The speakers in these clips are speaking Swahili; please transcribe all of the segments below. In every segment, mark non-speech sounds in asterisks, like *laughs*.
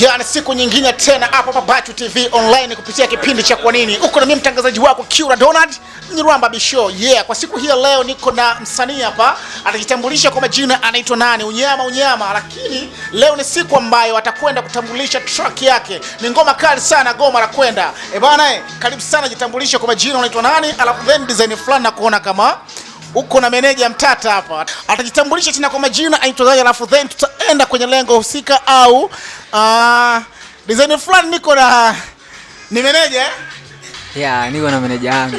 Yani, siku nyingine tena hapa hapa Bachu TV online kupitia kipindi cha kwa nini. Uko na mimi mtangazaji wako Kiura Donald Nyirwamba Bisho. Yeah, kwa siku hii leo niko na msanii hapa atajitambulisha kwa majina anaitwa nani? Unyama unyama, lakini leo ni siku ambayo atakwenda kutambulisha track yake. Ni ngoma kali sana, goma la kwenda. Eh bana, eh, karibu sana jitambulisha kwa majina unaitwa nani? Alafu then design fulani na kuona kama uko na meneja mtata hapa, atajitambulisha tena kwa majina, aitwaje, alafu then tutaenda kwenye lengo husika au uh, design fulani. Niko na ni meneja yeah, niko na meneja wangu.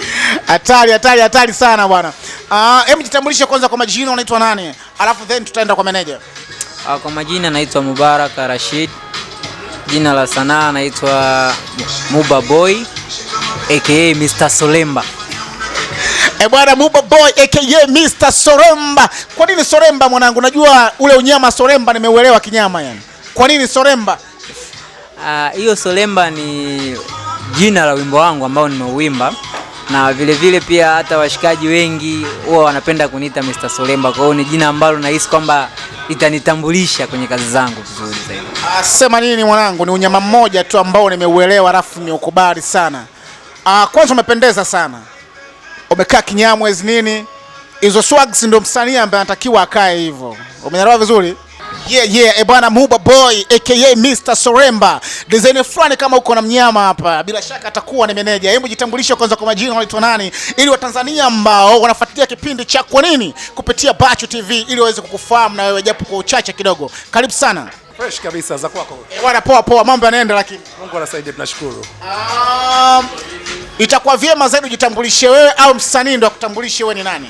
Hatari, hatari, hatari sana bwana. Ah, hebu jitambulishe kwanza kwa majina, unaitwa nani, alafu then tutaenda kwa meneja. Uh, kwa majina naitwa Mubarak Rashid, jina la sanaa naitwa Muba Boy aka Mr Solemba. E bwana, Muba Boy aka Mr Soremba. Kwa nini Soremba mwanangu? Najua ule unyama Soremba nimeuelewa kinyama yani. Kwa nini Soremba? Ah, hiyo uh, Soremba ni jina la wimbo wangu ambao nimeuimba na vile vile pia hata washikaji wengi huwa wanapenda kuniita Mr. soremba Kwa hiyo ni jina ambalo nahisi kwamba itanitambulisha kwenye kazi zangu vizuri zaidi. Ah, sema nini mwanangu, ni unyama mmoja tu ambao nimeuelewa, alafu nimeukubali sana. Ah, kwanza umependeza sana amekaa kinyamwezi nini, hizo swags ndio msanii ambaye anatakiwa akae hivyo. Umenyelewa vizuri? Yeah, yeah, e bwana Mhuba Boy aka Mr. Soremba. Design fulani kama uko na mnyama hapa. Bila shaka atakuwa ni meneja. Hebu jitambulishe kwanza kwa majina unaitwa nani ili Watanzania ambao wanafuatilia kipindi cha Kwa Nini kupitia Bachu TV ili waweze kukufahamu na wewe japo kwa uchache kidogo. Karibu sana. Fresh kabisa za kwako. E bwana, poa poa, mambo yanaenda lakini. Mungu anasaidia tunashukuru. Um, itakuwa vyema zaidi ujitambulishe wewe au msanii ndio akutambulishe wewe ni nani?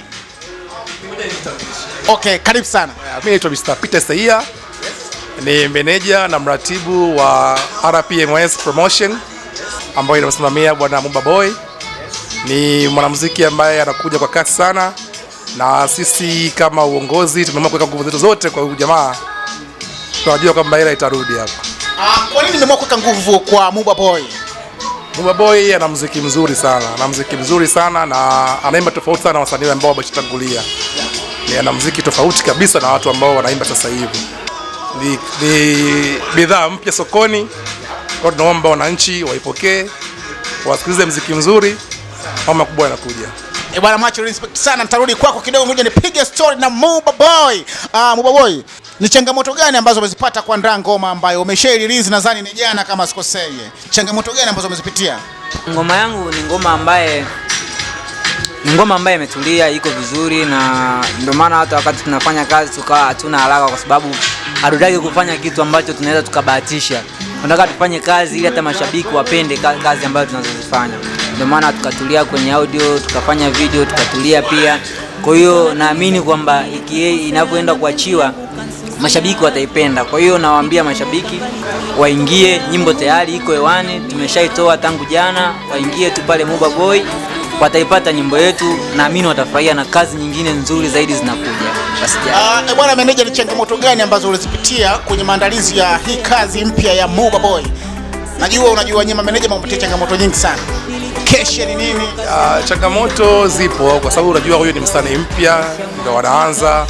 Okay, karibu sana. Mimi naitwa Mr. Peter Saia ni meneja na mratibu wa RPMS Promotion ambayo inamsimamia bwana Mumba Boy. Ni mwanamuziki ambaye anakuja kwa kasi sana, na sisi kama uongozi tumeamua kuweka nguvu zetu zote kwa huyu jamaa. Tunajua kwamba hela itarudi hapa. Ah, kwa nini nimeamua kuweka nguvu kwa Mumba Boy? Buma Boy ana muziki mzuri sana, ana muziki mzuri sana na anaimba tofauti sana wasanii ambao wametangulia. Ni ana muziki tofauti kabisa na watu ambao wanaimba sasa hivi. Ni, ni bidhaa mpya sokoni. Kwa tunaomba wananchi waipokee, wasikilize muziki mzuri. Mama kubwa anakuja. Eh, bwana, macho respect sana, nitarudi kwako kidogo, ngoja nipige story na Mumba Boy. Ah, Mumba Boy, ni changamoto gani ambazo umezipata kwa Ndaa ngoma ambayo umeshairelease nadhani ni jana kama sikosei? Changamoto gani ambazo umezipitia? Ngoma yangu ni ngoma ambaye ni ngoma ambayo imetulia, iko vizuri, na ndio maana hata wakati tunafanya kazi tukawa hatuna haraka, kwa sababu hatutaki kufanya kitu ambacho tunaweza tukabahatisha. Tunataka tufanye kazi ili hata mashabiki wapende kazi ambayo tunazozifanya. Ndio maana tukatulia kwenye audio, tukafanya video, tukatulia pia. Kwa hiyo naamini kwamba inavyoenda kuachiwa mashabiki wataipenda. Kwa hiyo nawaambia mashabiki waingie, nyimbo tayari iko hewani, tumeshaitoa tangu jana. Waingie tu pale Muba Boy, wataipata nyimbo yetu, naamini watafurahia na kazi nyingine nzuri zaidi zinakuja. Uh, bwana meneja, ni changamoto gani ambazo ulizipitia kwenye maandalizi ya hii kazi mpya ya Muba Boy? Najua unajua nyima mameneja mmepitia changamoto nyingi sana. Kesha ni nini? Uh, changamoto zipo kwa sababu unajua huyu ni msanii mpya ndio wanaanza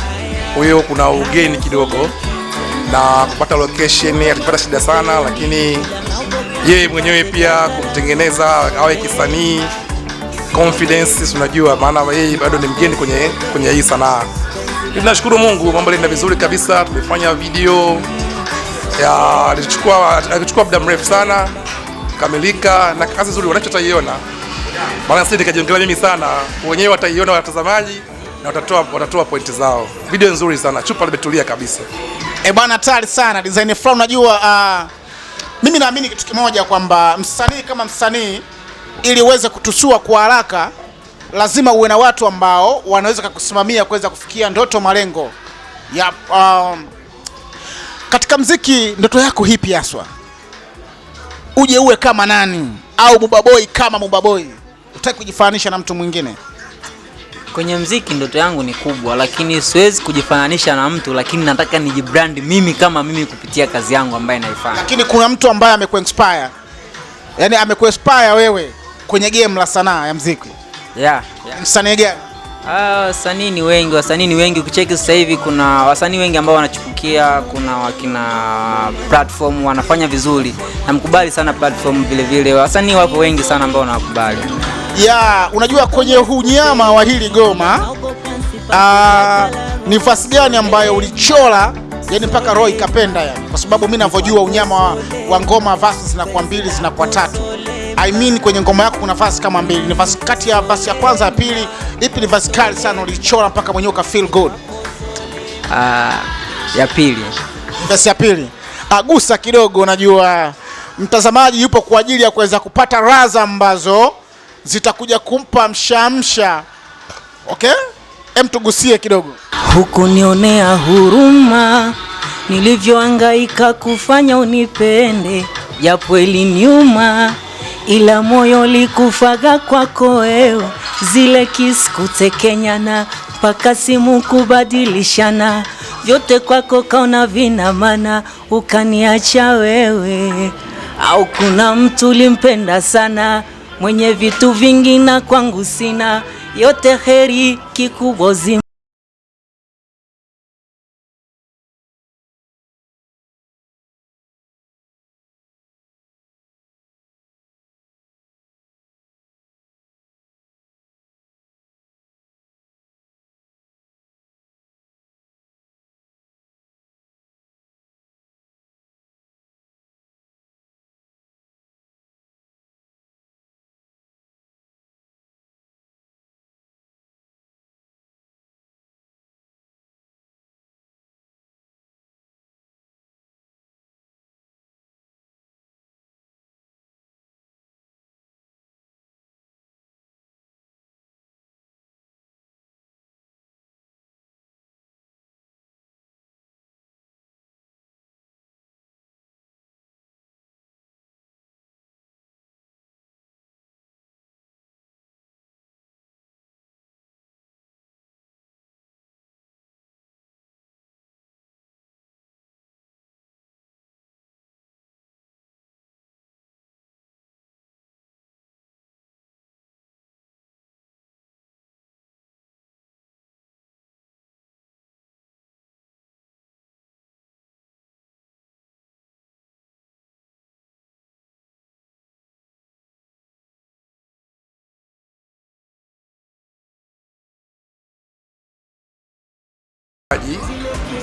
kwa hiyo kuna ugeni kidogo na kupata location atapata shida sana, lakini yeye mwenyewe pia kumtengeneza awe kisanii confidence, unajua maana yeye bado ni mgeni kwenye kwenye hii sanaa. Tunashukuru Mungu, mambo yanaenda vizuri kabisa. Tumefanya video ya alichukua muda mrefu sana kamilika, na kazi nzuri wanachotaiona, maana sisi nikajiongelea mimi sana, wenyewe wataiona watazamaji na watatoa, watatoa pointi zao. Video nzuri sana, chupa limetulia kabisa. Eh bwana, tayari sana design flow. Unajua uh, mimi naamini kitu kimoja kwamba msanii kama msanii, ili uweze kutusua kwa haraka, lazima uwe na watu ambao wanaweza kukusimamia kuweza kufikia ndoto, malengo ya um, katika mziki. Ndoto yako hipi haswa, uje uwe kama nani? Au mubaboi kama mubaboi utaki kujifananisha na mtu mwingine? Kwenye mziki ndoto yangu ni kubwa, lakini siwezi kujifananisha na mtu, lakini nataka nijibrand mimi kama mimi kupitia kazi yangu ambayo naifanya. Lakini kuna mtu ambaye amekuinspire, yani amekuinspire wewe kwenye game la sanaa ya mziki? Yeah, yeah. Msanii gani? Ah, wasanii ni wengi, wasanii ni wengi. Ukicheki sasa hivi kuna wasanii wengi ambao wanachipukia, kuna wakina platform wanafanya vizuri, namkubali sana platform. Vile vile wasanii wapo wengi sana ambao nawakubali ya unajua kwenye unyama wa hili goma ah, ni fasi gani ambayo ulichola yani mpaka roho ikapenda yani? Kwa sababu mi navyojua unyama wa, wa ngoma vasi zinakuwa mbili zinakuwa tatu. I mean kwenye ngoma yako kuna vasi kama mbili, ni vasi kati ya vasi ya kwanza ya pili, ipi ni vasi kali sana ulichola mpaka mwenyewe uka feel good? Uh, ya pili, vasi ya pili, agusa ah, kidogo, unajua mtazamaji yupo kwa ajili ya kuweza kupata raza ambazo zitakuja kumpa mshamsha. Okay, hem, tugusie kidogo. Hukunionea huruma nilivyoangaika kufanya unipende, japo iliniuma, ila moyo likufaga kwako wewe, zile kiss kutekenyana mpaka simu kubadilishana, vyote kwako kaona vina maana, ukaniacha wewe. Au kuna mtu ulimpenda sana mwenye vitu vingi na kwangu sina yote heri kikubozi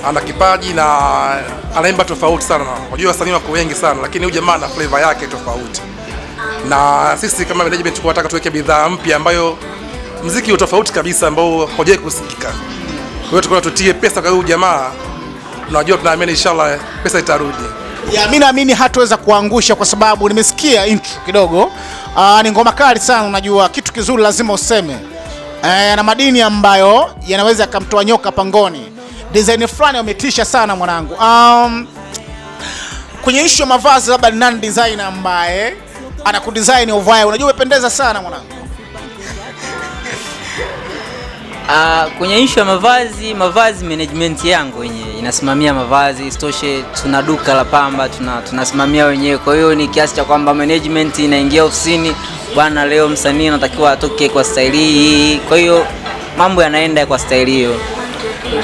ana kipaji na anaimba tofauti sana. Unajua wasanii wako wengi sana, lakini huyu jamaa ana flavor yake tofauti, na sisi kama management tunataka tuweke bidhaa mpya ambayo mziki utofauti kabisa ambao haujawahi kusikika. Kwa hiyo tukaona tutie pesa kwa huyu jamaa, tunajua tunaamini inshallah pesa itarudi. Ya, mimi naamini hatuweza kuangusha kwa sababu nimesikia intro kidogo. Uh, ni ngoma kali sana, unajua kitu kizuri lazima useme. Uh, na madini ambayo yanaweza yakamtoa nyoka pangoni design fulani wametisha sana mwanangu. Um, kwenye issue ya mavazi, labda nani designer ambaye anakudesign uvae, unajua umependeza sana mwanangu? Uh, *laughs* kwenye issue ya mavazi, mavazi management yangu wenyewe inasimamia mavazi. Isitoshe tuna duka la pamba, tuna tunasimamia wenyewe, kwa hiyo ni kiasi cha kwamba management inaingia ofisini, bwana, leo msanii anatakiwa atoke kwa staili hii, kwa hiyo mambo yanaenda kwa staili hiyo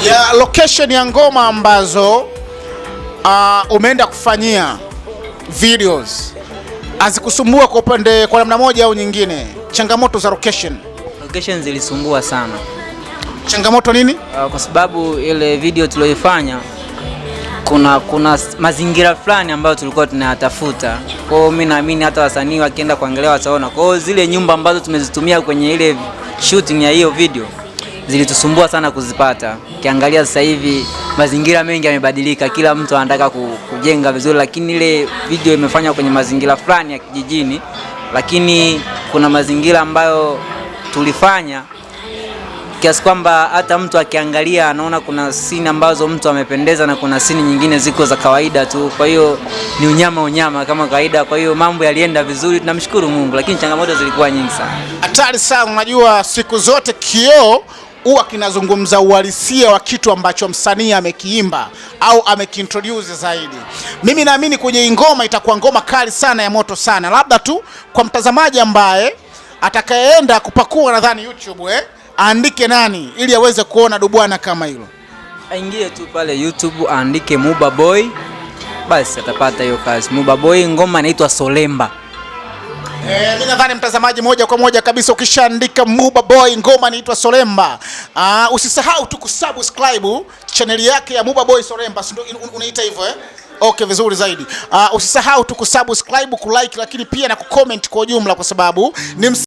ya location ya ngoma ambazo uh, umeenda kufanyia videos azikusumbua kwa upande kwa namna moja au nyingine, changamoto za location? Location zilisumbua sana. Changamoto nini? Uh, kwa sababu ile video tulioifanya kuna kuna mazingira fulani ambayo tulikuwa tunayatafuta. Kwa hiyo mimi naamini hata wasanii wakienda kuangalia wataona. Kwa hiyo zile nyumba ambazo tumezitumia kwenye ile shooting ya hiyo video zilitusumbua sana kuzipata. Ukiangalia sasa hivi mazingira mengi yamebadilika, kila mtu anataka kujenga vizuri, lakini ile video imefanywa kwenye mazingira fulani ya kijijini, lakini kuna mazingira ambayo tulifanya kiasi kwamba hata mtu akiangalia anaona kuna sini ambazo mtu amependeza na kuna sini nyingine ziko za kawaida tu. Kwa hiyo ni unyama unyama kama kawaida. Kwa hiyo mambo yalienda vizuri, tunamshukuru Mungu, lakini changamoto zilikuwa nyingi sana, hatari sana. Unajua siku zote kioo huwa kinazungumza uhalisia wa kitu ambacho msanii amekiimba au amekiintroduce zaidi. Mimi naamini kwenye hii ngoma itakuwa ngoma kali sana ya moto sana, labda tu kwa mtazamaji ambaye atakayeenda kupakua nadhani YouTube eh, aandike nani ili aweze kuona dubwana kama hilo, aingie tu pale YouTube aandike Muba Boy, basi atapata hiyo kazi. Muba Boy, ngoma inaitwa Solemba. E, mi nadhani mtazamaji, moja kwa moja kabisa, ukishaandika Muba Boy ngoma inaitwa Solemba. uh, usisahau tu kusubscribe chaneli yake ya Muba Boy Solemba, si ndio unaita hivyo eh? Okay, vizuri zaidi. uh, usisahau tu kusubscribe, kulike, lakini pia na kucomment kwa ujumla, kwa sababu ni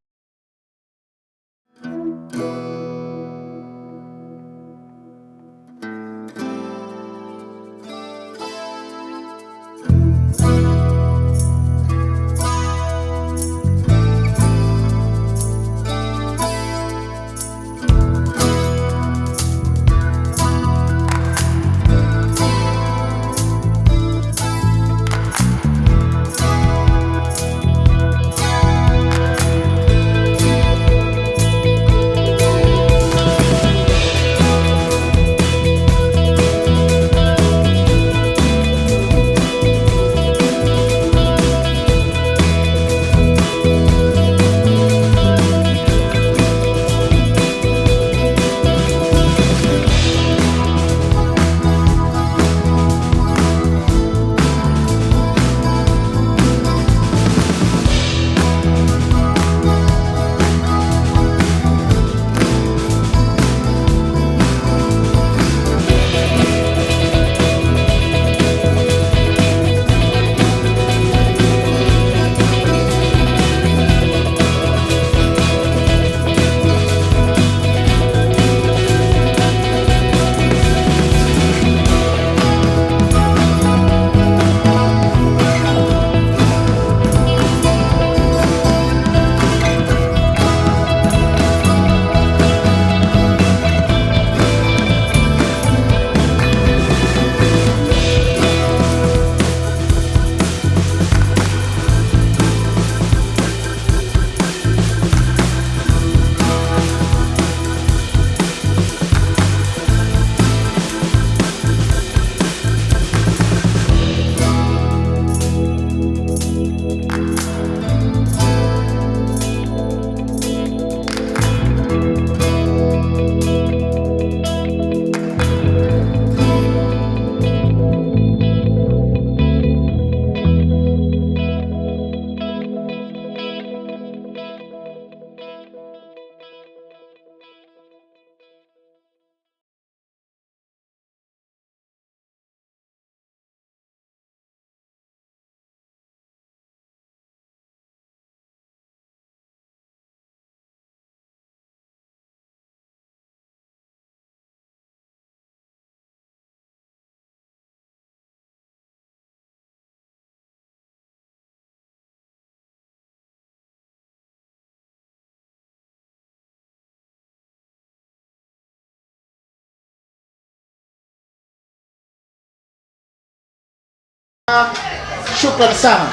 Shukrani sana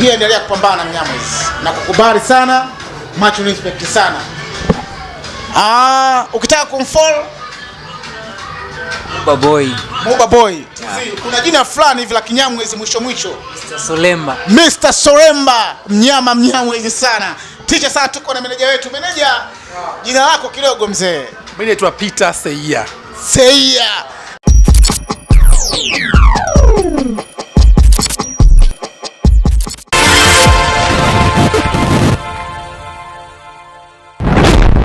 pia, endelea kupambana na mnyama hizi na kukubali sana macho, respect sana. Ah, ukitaka kumfollow Muba Boy, Muba Boy yeah. Kuna jina fulani hivi la Kinyamwezi mwisho mwisho, Mr. Solemba, Mr. Solemba, mnyama Mnyamwezi sana ticha sasa Tuko na meneja wetu. Meneja, yeah. jina lako kidogo mzee. Mimi naitwa Peter Seia. Seia.